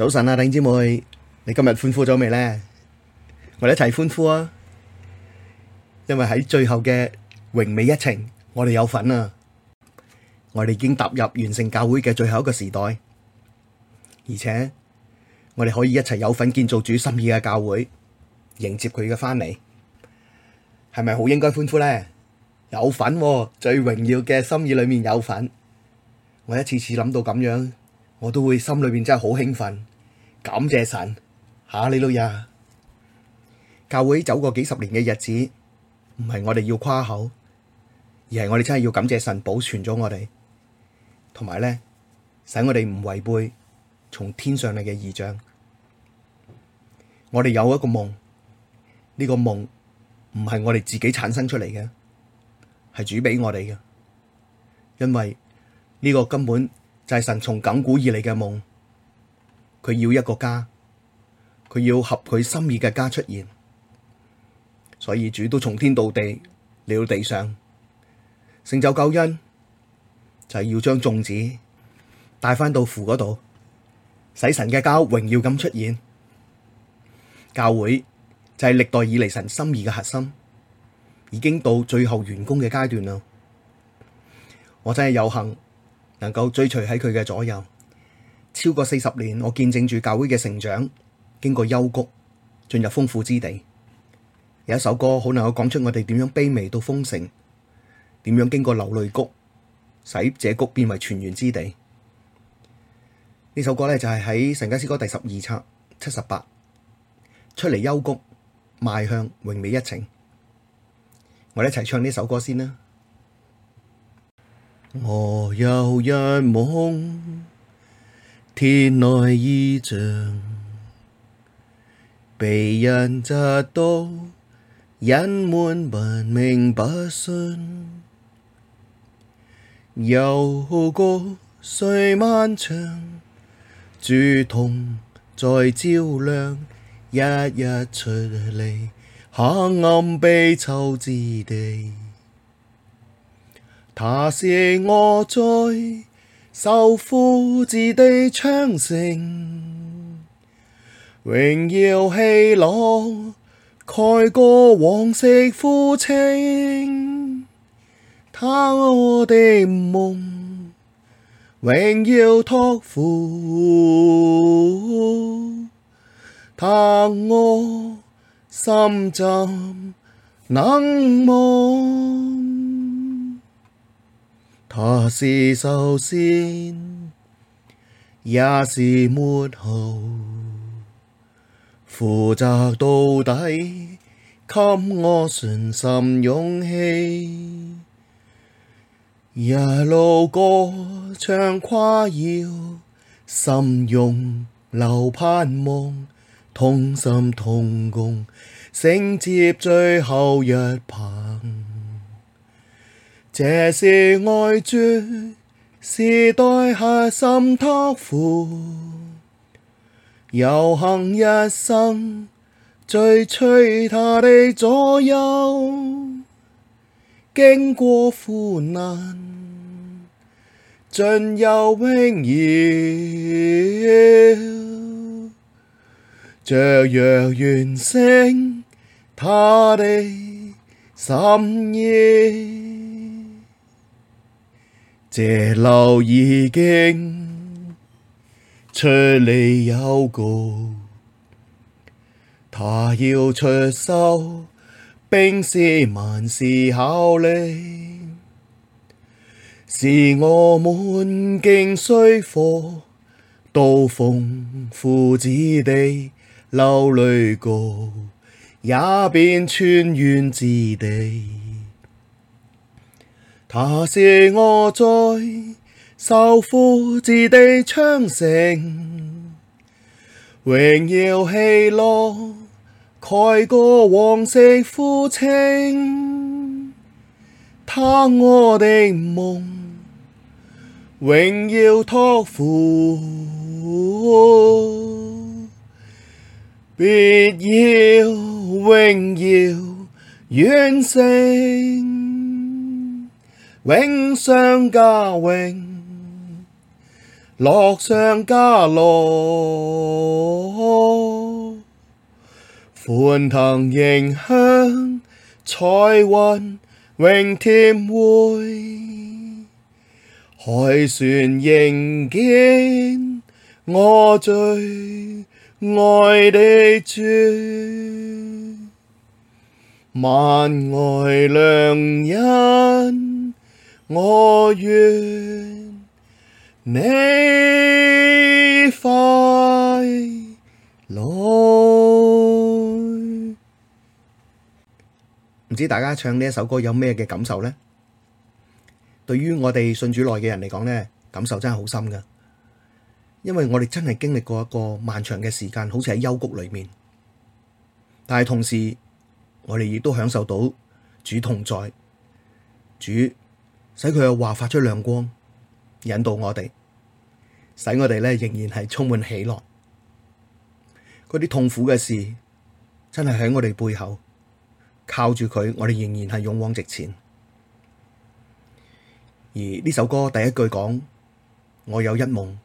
早晨啊，弟兄姊妹，你今日歡呼咗未呢？我哋一齊歡呼啊！因為喺最後嘅榮美一程，我哋有份啊！我哋已經踏入完成教會嘅最後一個時代，而且我哋可以一齊有份建造主心意嘅教會，迎接佢嘅翻嚟，係咪好應該歡呼呢？有份，最榮耀嘅心意裏面有份。我一次次諗到咁樣，我都會心裏面真係好興奮。感謝神，哈利路亞，教會走過幾十年嘅日子，唔係我哋要誇口，而係我哋真係要感謝神保存咗我哋，同埋咧，使我哋唔違背從天上嚟嘅異象。我哋有一個夢，呢、這個夢唔係我哋自己產生出嚟嘅，係主俾我哋嘅，因為呢個根本就係神從亘古以嚟嘅夢。佢要一個家，佢要合佢心意嘅家出現，所以主都從天到地嚟，地上，成就救恩就係要將眾子帶翻到父嗰度，使神嘅家榮耀咁出現。教會就係歷代以嚟神心意嘅核心，已經到最後完工嘅階段啦。我真係有幸能夠追隨喺佢嘅左右。超過四十年，我見證住教會嘅成長，經過幽谷，進入豐富之地。有一首歌，好能夠講出我哋點樣卑微到豐盛，點樣經過流淚谷，使這谷變為泉源之地。呢首歌呢，就係喺《神家詩歌》第十二冊七十八，出離幽谷，邁向榮美一程。我哋一齊唱呢首歌先啦。我有一夢。天來異象，被人嫉妒，人們不明不信。幽谷雖漫長，主同在照亮，一日出離黑暗被囚之地，祂使我在受苦之地昌盛，榮耀喜樂蓋過往昔苦情，他的夢榮耀託付，祂我心怎能忘？他是首先，也是末後，負責到底，給我信心勇氣。一路歌唱誇耀，心湧流盼望，同心同工，承接最後一棒。這是愛主時代核心託付，有幸一生追隨他的左右，經過苦難進入榮耀，雀躍完成他的心意。這流已經出離幽谷，祂要出手，並使萬事效力，使我們經水火，到豐富之地流淚谷，也變泉源之地。祂使我在受苦之地昌盛，榮耀喜樂蓋過往昔苦情，他我嘅夢榮耀託付，必要榮耀完成。榮上加榮，樂上加樂，歡騰迎向彩雲榮甜會，凱旋迎見我最愛的主，萬愛良人。我願你快來，唔知大家唱呢一首歌有咩嘅感受呢？對於我哋信主內嘅人嚟講呢，感受真係好深噶，因為我哋真係經歷過一個漫長嘅時間，好似喺幽谷裏面，但係同時我哋亦都享受到主同在，主。使佢嘅話發出亮光，引導我哋，使我哋咧仍然係充滿喜樂。嗰啲痛苦嘅事，真係喺我哋背後靠住佢，我哋仍然係勇往直前。而呢首歌第一句講：我有一夢，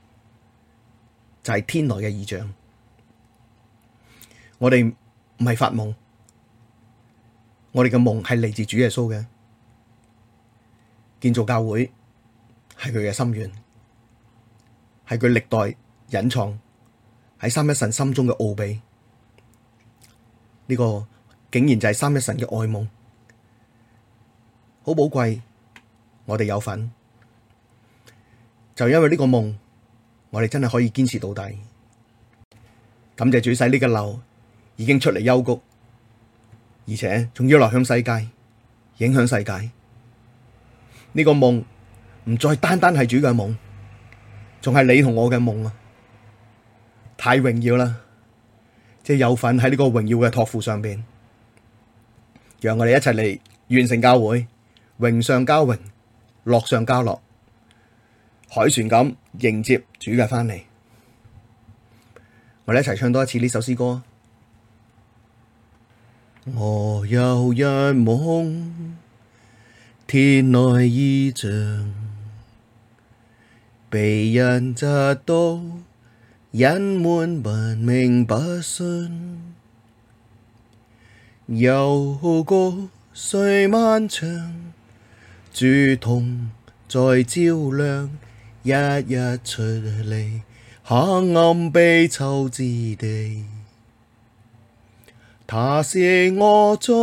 就係、是、天來嘅異象。我哋唔係發夢，我哋嘅夢係嚟自主耶穌嘅。建造教會係佢嘅心願，係佢歷代隱藏喺三一神心中嘅奧秘，呢個竟然就係三一神嘅愛夢，好寶貴，我哋有份，就因為呢個夢，我哋真係可以堅持到底。感謝主使呢個流已經出離幽谷，而且仲要流向世界，影響世界。呢個夢唔再單單係主嘅夢，仲係你同我嘅夢啊！太榮耀啦，即係有份喺呢個榮耀嘅託付上邊，讓我哋一齊嚟完成教會，榮上加榮，樂上加樂，凱旋咁迎接主嘅翻嚟。我哋一齊唱多一次呢首詩歌。我有一夢。天來異象，被人嫉妒，人們不明不信。幽谷雖漫長，主同在照亮，一日出離黑暗被囚之地，祂使我在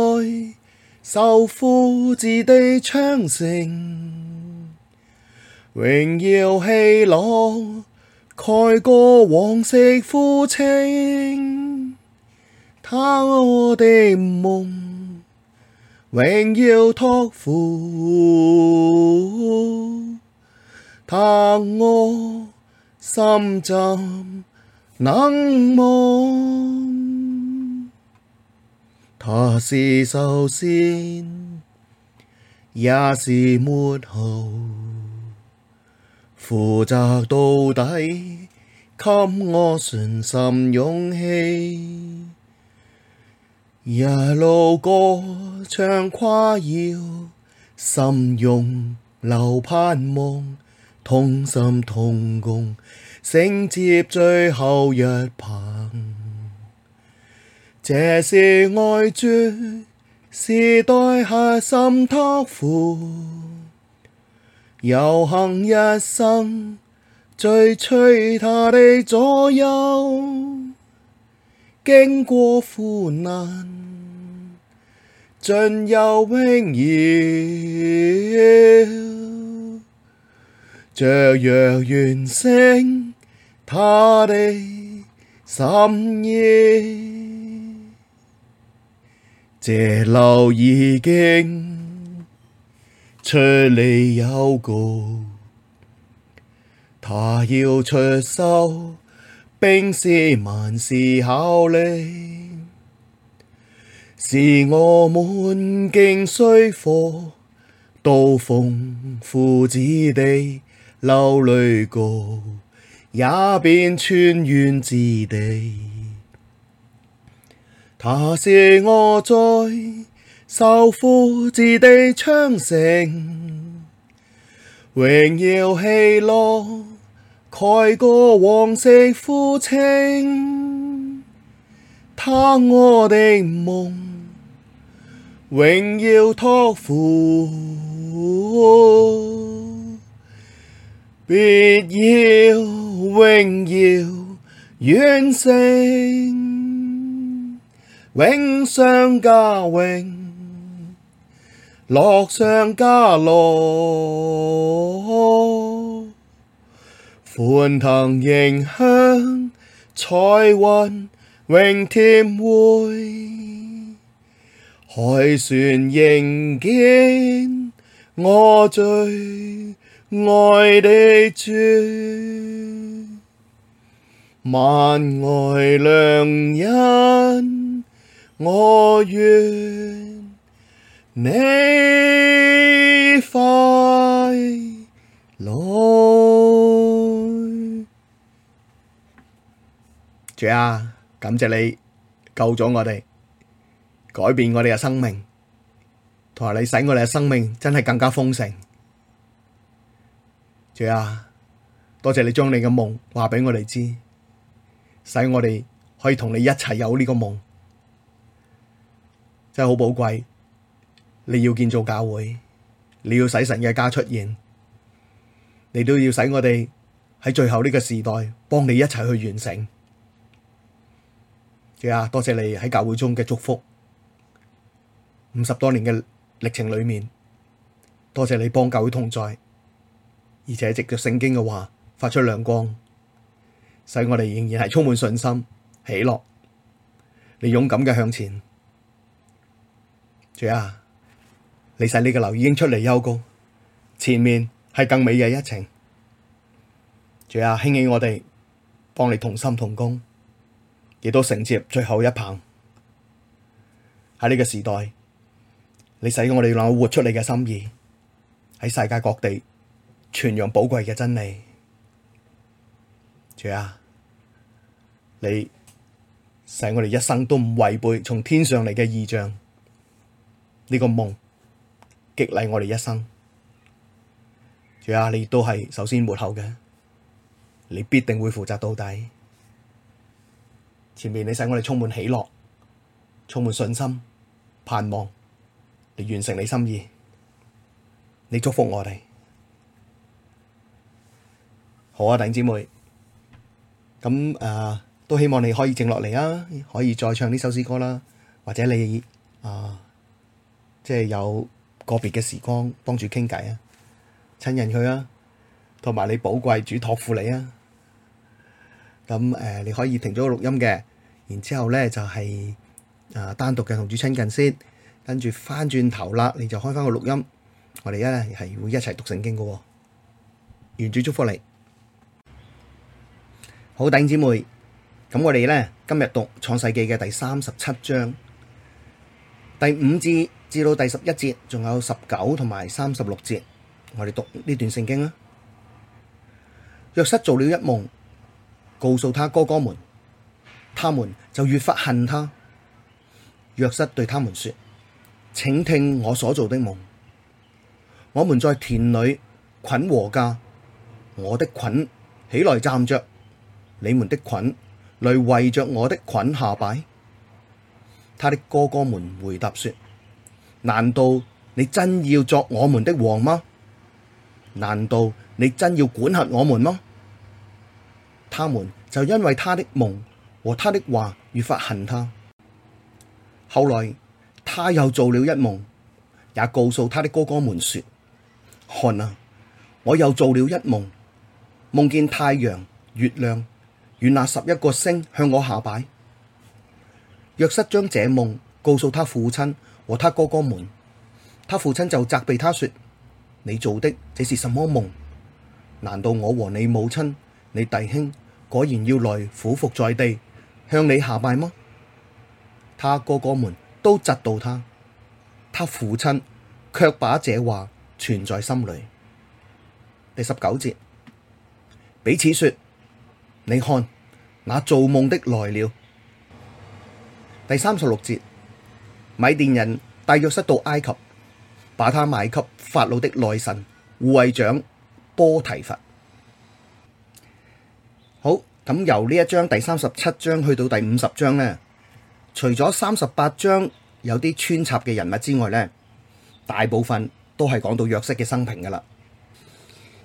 受苦之地昌盛，榮耀喜樂，蓋過往昔苦情，祂我的夢，榮耀託付，祂我心怎能忘。他是首先，也是末後，負責到底，給我信心勇氣。一路歌唱誇耀，心湧流盼望，同心同工，承接最後一棒。這是愛主時代核心託付，有幸一生追隨他的左右，經過苦難，進入榮耀，雀躍完成他的心意。這流已經出離幽谷，他要出手，並使萬事效力，使我們經水火，到豐富之地流淚谷，也變泉源之地。祂使我在受苦之地昌盛，榮耀喜樂，蓋過往昔苦情，他我的夢榮耀託付，別要榮耀完成。榮上加榮，樂上加樂，歡騰迎向彩雲榮甜會，凱旋迎見我最愛的主，萬愛良人。我願你快來，主啊，感謝你救咗我哋，改變我哋嘅生命，同埋你使我哋嘅生命真係更加豐盛。主啊，多謝你將你嘅夢話畀我哋知，使我哋可以同你一齊有呢個夢。真係好寶貴，你要建造教會，你要使神嘅家出現，你都要使我哋喺最後呢個時代，幫你一齊去完成。主啊，多謝你喺教會中嘅祝福，五十多年嘅歷程裏面，多謝、謝你幫教會同在，而且藉着聖經嘅話發出亮光，使我哋仍然係充滿信心、喜樂，你勇敢嘅向前。主啊，你使呢個流已經出離幽谷，前面係更美嘅一程。主啊，興起我哋，幫你同心同工，亦都承接最後一棒。喺呢個時代，你使我哋能夠活出你嘅心意，喺世界各地傳揚寶貴嘅真理。主啊，你使我哋一生都唔違背從天上嚟嘅異象。呢個夢激勵我哋一生，主啊，你都係首先末後嘅，你必定會負責到底。前面你使我哋充滿喜樂，充滿信心，盼望嚟完成你心意。你祝福我哋，好啊，弟兄姊妹。咁誒，都希望你可以靜落嚟啊，可以再唱呢首詩歌啦，或者你啊～即係有個別嘅時光幫住傾偈啊，親近佢啊，同埋你寶貴主託付你啊，咁誒、呃、你可以停咗個錄音嘅，然之後咧就係、是、啊單獨嘅同主親近先，跟住返轉頭啦，你就開返個錄音，我哋一係會一齊讀聖經嘅喎、啊，願主祝福你，好，弟兄姊妹，咁我哋咧今日讀創世記嘅第三十七章。第五至至到第十一節，仲有十九同埋三十六節，我哋讀呢段聖經啦。約瑟做了一夢，告訴他哥哥們，他們就越發恨他。約瑟對他們說：請聽我所做的夢，我們在田裏捆禾稼，我的捆起來站着，你們的捆來圍着我的捆下拜。他的哥哥們回答說：難道你真要作我們的王嗎？難道你真要管轄我們嗎？他們就因為他的夢和他的話越發恨他。後來他又做了一夢，也告訴他的哥哥們說：看啊，我又做了一夢，夢見太陽、月亮與那十一個星向我下拜。約瑟將這夢告訴他父親和他哥哥們，他父親就責備他說：你做的這是什麼夢？難道我和你母親、你弟兄果然要來俯伏，伏在地向你下拜嗎？他哥哥們都嫉妒他，他父親卻把這話存在心裏。第十九節，彼此說：你看，那做夢的來了。第三十六節，米甸人帶約瑟到埃及，把他賣給法老的內臣護衛長波提乏。好，咁由呢一章第三十七章去到第五十章呢，除咗三十八章有啲穿插嘅人物之外呢，大部分都係講到約瑟嘅生平噶啦。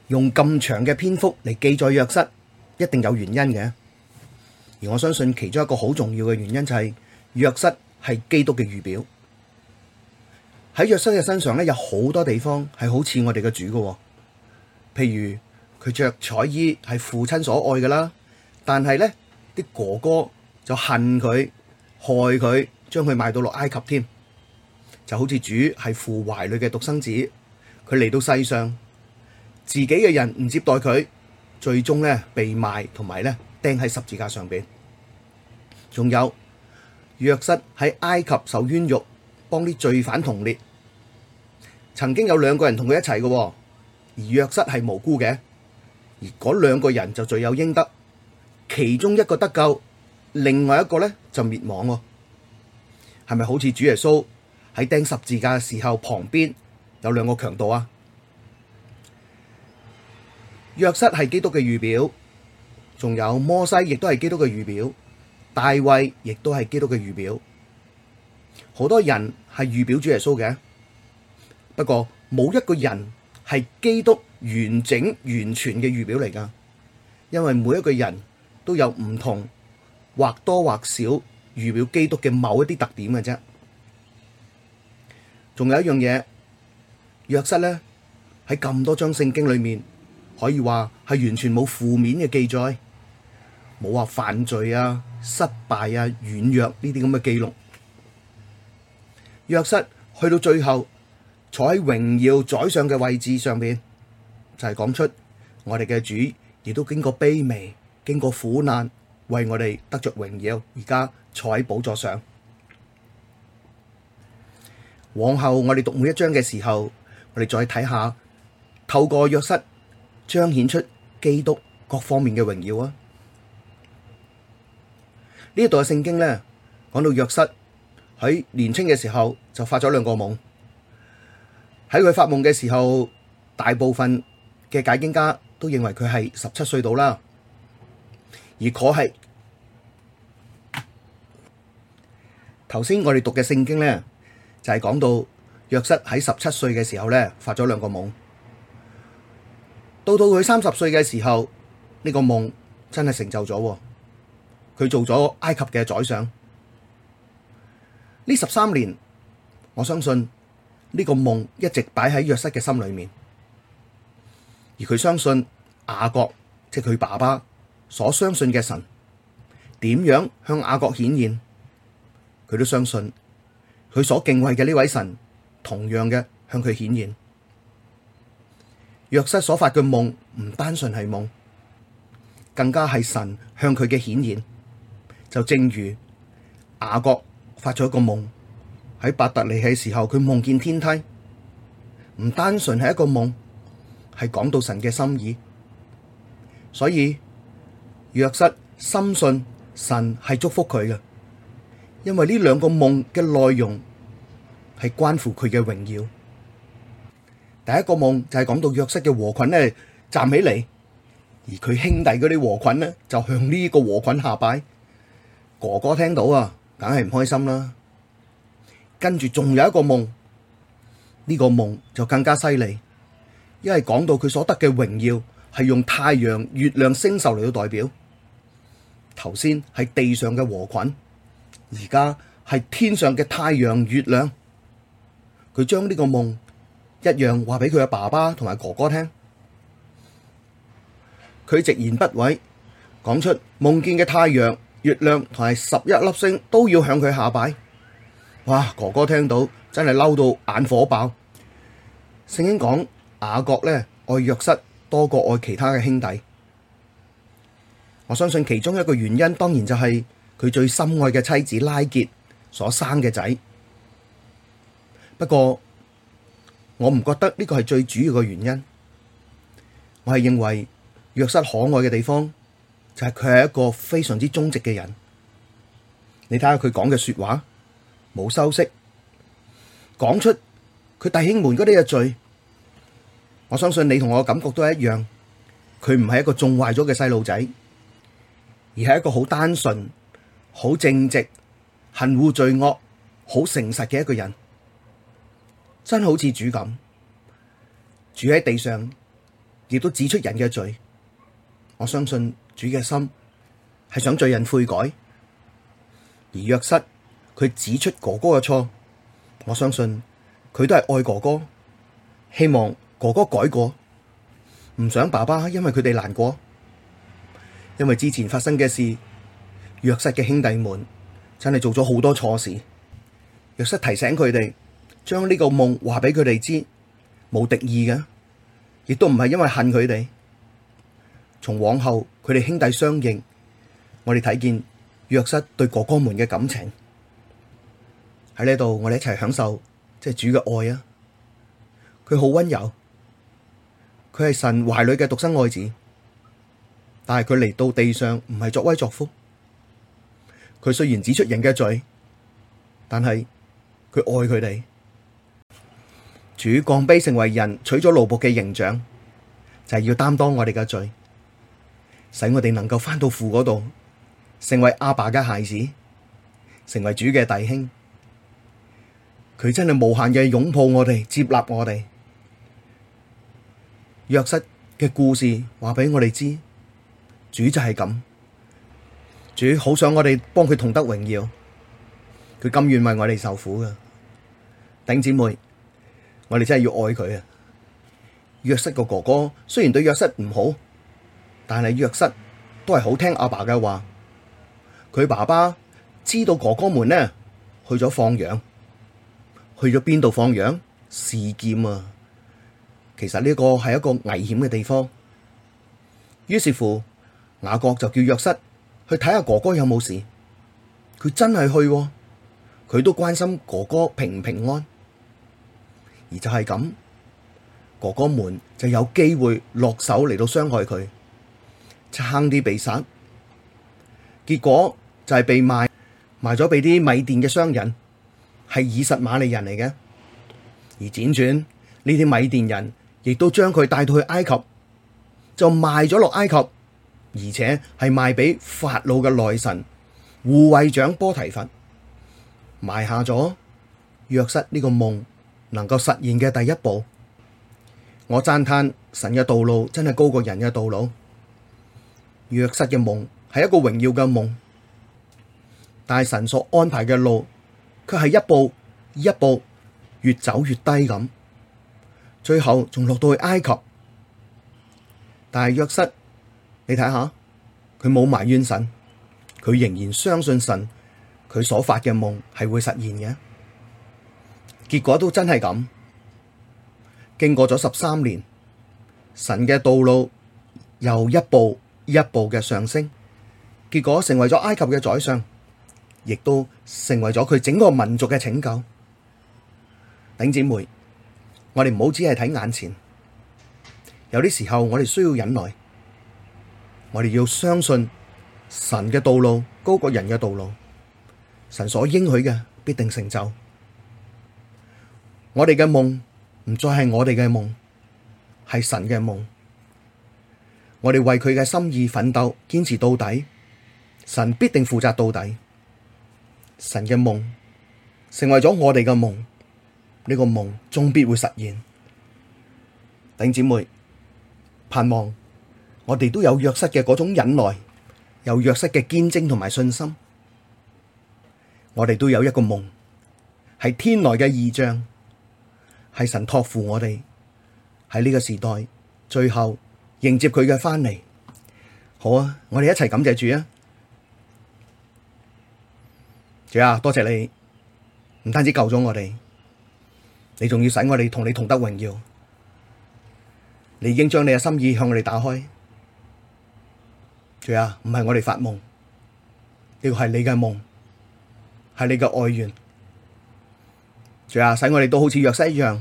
用咁長嘅篇幅嚟記載約瑟，一定有原因嘅。而我相信其中一個好重要嘅原因就係、是。約瑟係基督嘅預表，喺約瑟嘅身上咧有好多地方係好似我哋嘅主嘅㗎喎，譬如佢着彩衣係父親所愛嘅啦，但係咧啲哥哥就恨佢、害佢，將佢賣到落埃及添，就好似主係父懷裏嘅獨生子，佢嚟到世上，自己嘅人唔接待佢，最終咧被賣同埋咧釘喺十字架上面，仲有。約瑟喺埃及受冤獄，幫啲罪犯同列。曾經有兩個人同佢一齊嘅，而約瑟係無辜嘅，而嗰兩個人就罪有應得。其中一個得救，另外一個呢就滅亡。係咪好似主耶穌喺釘十字架嘅時候旁邊有兩個強盜啊？約瑟係基督嘅預表，仲有摩西亦都係基督嘅預表。大衛亦都係基督嘅預表，好多人係預表主耶穌嘅，不過冇一個人係基督完整完全嘅預表嚟噶，因為每一個人都有唔同或多或少預表基督嘅某一啲特點嘅啫。仲有一樣嘢，約瑟呢，喺咁多章聖經裏面，可以話係完全冇負面嘅記載。冇話犯罪啊、失敗啊、軟弱呢啲咁嘅記錄。約瑟去到最後坐喺榮耀宰相嘅位置上邊，就係、是、講出我哋嘅主亦都經過卑微、經過苦難，為我哋得着榮耀，而家坐喺寶座上。往後我哋讀每一章嘅時候，我哋再睇下透過約瑟彰顯出基督各方面嘅榮耀啊！呢度嘅聖經呢，講到約瑟喺年青嘅時候就發咗兩個夢，喺佢發夢嘅時候，大部分嘅解經家都認為佢係十七歲到啦。而可係頭先我哋讀嘅聖經呢，就係、是、講到約瑟喺十七歲嘅時候呢，發咗兩個夢，到到佢三十歲嘅時候，呢、這個夢真係成就咗。佢做咗埃及嘅宰相，呢十三年，我相信呢、這個夢一直擺喺約瑟嘅心裏面，而佢相信雅各，即係佢爸爸所相信嘅神，點樣向雅各顯現，佢都相信，佢所敬畏嘅呢位神，同樣嘅向佢顯現。約瑟所發嘅夢唔單純係夢，更加係神向佢嘅顯現。就正如雅各發咗一個夢喺伯特利嘅時候，佢夢見天梯，唔單純係一個夢，係講到神嘅心意。所以約瑟深信神係祝福佢嘅，因為呢兩個夢嘅內容係關乎佢嘅榮耀。第一個夢就係講到約瑟嘅禾捆咧，站起嚟，而佢兄弟嗰啲禾捆呢，就向呢個禾捆下拜。哥哥聽到啊，梗係唔開心啦。跟住仲有一個夢，呢個夢就更加犀利，因為講到佢所得嘅榮耀，係用太陽、月亮、星宿嚟到代表。頭先係地上嘅禾捆，而家係天上嘅太陽、月亮。佢將呢個夢一樣話俾佢嘅爸爸同埋哥哥聽，佢直言不諱，講出夢見嘅太陽。月亮同埋十一粒星都要向佢下拜，哇！哥哥聽到真係嬲到眼火爆。聖經講雅各呢愛約瑟多過愛其他嘅兄弟，我相信其中一個原因當然就係佢最深愛嘅妻子拉結所生嘅仔。不過我唔覺得呢個係最主要嘅原因，我係認為約瑟可愛嘅地方，就係佢係一個非常之忠直嘅人。你睇下佢講嘅說話冇修飾，講出佢弟兄們嗰啲嘅罪，我相信你同我感覺都一樣。佢唔係一個縱壞咗嘅細路仔，而係一個好單純、好正直、恨惡罪惡、好誠實嘅一個人。真好似主咁住喺地上，亦都指出人嘅罪。我相信。主嘅心係想罪人悔改，而約瑟佢指出哥哥嘅錯，我相信佢都係愛哥哥，希望哥哥改過，唔想爸爸因為佢哋難過，因為之前發生嘅事，約瑟嘅兄弟們真係做咗好多錯事，約瑟提醒佢哋將呢個夢話俾佢哋知，冇敵意嘅，亦都唔係因為恨佢哋，從往後。佢哋兄弟相認，我哋睇見約瑟對哥哥們嘅感情喺呢度，我哋一齊享受即係主嘅愛啊！佢好溫柔，佢係神懷裏嘅獨生愛子，但係佢嚟到地上唔係作威作福。佢雖然指出人嘅罪，但係佢愛佢哋。主降卑成為人，取咗奴僕嘅形象，就係、是、要擔當我哋嘅罪。使我哋能夠翻到父嗰度，成為阿爸嘅孩子，成為主嘅弟兄。佢真係無限嘅擁抱我哋，接納我哋。約瑟嘅故事話俾我哋知，主就係咁，主好想我哋幫佢同得榮耀，佢甘願為我哋受苦噶。頂姐妹，我哋真係要愛佢啊！約瑟個哥哥雖然對約瑟唔好。但係約瑟都係好聽阿爸嘅話，佢爸爸知道哥哥們呢去咗放羊，去咗邊度放羊？示劍啊，其實呢個係一個危險嘅地方。於是乎，雅各就叫約瑟去睇下哥哥有冇事。佢真係去、啊，佢都關心哥哥平唔平安，而就係咁，哥哥們就有機會落手嚟到傷害佢。差啲被殺，結果就係被賣賣咗俾啲米甸嘅商人，係以實瑪利人嚟嘅。而輾轉呢啲米甸人亦都將佢帶到去埃及，就賣咗落埃及，而且係賣俾法老嘅內臣護衛長波提乏。埋下咗約瑟呢個夢能夠實現嘅第一步。我讚嘆神嘅道路真係高過人嘅道路。約瑟嘅夢係一個榮耀嘅夢，但係神所安排嘅路，佢係一步一步越走越低咁，最後仲落到去埃及。但係約瑟，你睇下，佢冇埋怨神，佢仍然相信神，佢所發嘅夢係會實現嘅，結果都真係咁。經過咗十三年，神嘅道路又一步一步嘅上升，結果成為咗埃及嘅宰相，亦都成為咗佢整個民族嘅拯救。頂姐妹，我哋唔好只係睇眼前，有啲時候我哋需要忍耐，我哋要相信神嘅道路高過人嘅道路，神所應許嘅必定成就。我哋嘅夢唔再係我哋嘅夢，係神嘅夢。我哋為佢嘅心意奮鬥，堅持到底，神必定負責到底。神嘅夢成為咗我哋嘅夢，呢、這個夢終必會實現。弟姐妹盼望，我哋都有約瑟嘅嗰種忍耐，有約瑟嘅堅貞同埋信心。我哋都有一個夢，係天來嘅異象，係神託付我哋喺呢個時代最後。迎接佢嘅返嚟，好啊！我哋一齊感謝主啊！主啊，多謝你，唔單止救咗我哋，你仲要使我哋同你同得榮耀。你已經將你嘅心意向我哋打開，主啊，唔係我哋發夢，呢個係你嘅夢，係你嘅愛願，主啊，使我哋都好似約瑟一樣，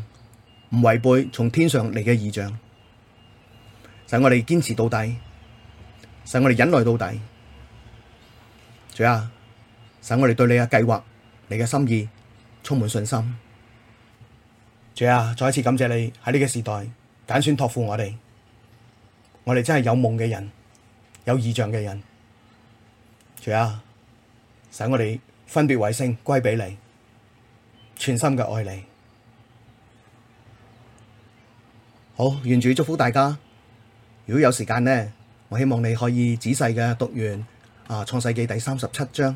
唔違背從天上嚟嘅異象。使我哋堅持到底，使我哋忍耐到底，主啊，使我哋對你嘅計劃、你嘅心意充滿信心。主啊，再一次感謝你喺呢個時代揀選託付我哋，我哋真係有夢嘅人，有異象嘅人。主啊，使我哋分別為聖歸俾你，全心嘅愛你。好，願主祝福大家。如果有時間呢，我希望你可以仔細嘅讀完《啊創世記》第三十七章，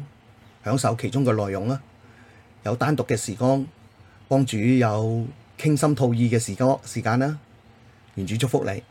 享受其中嘅內容啦。有單獨嘅時光，幫主有傾心吐意嘅時間啦。願主祝福你。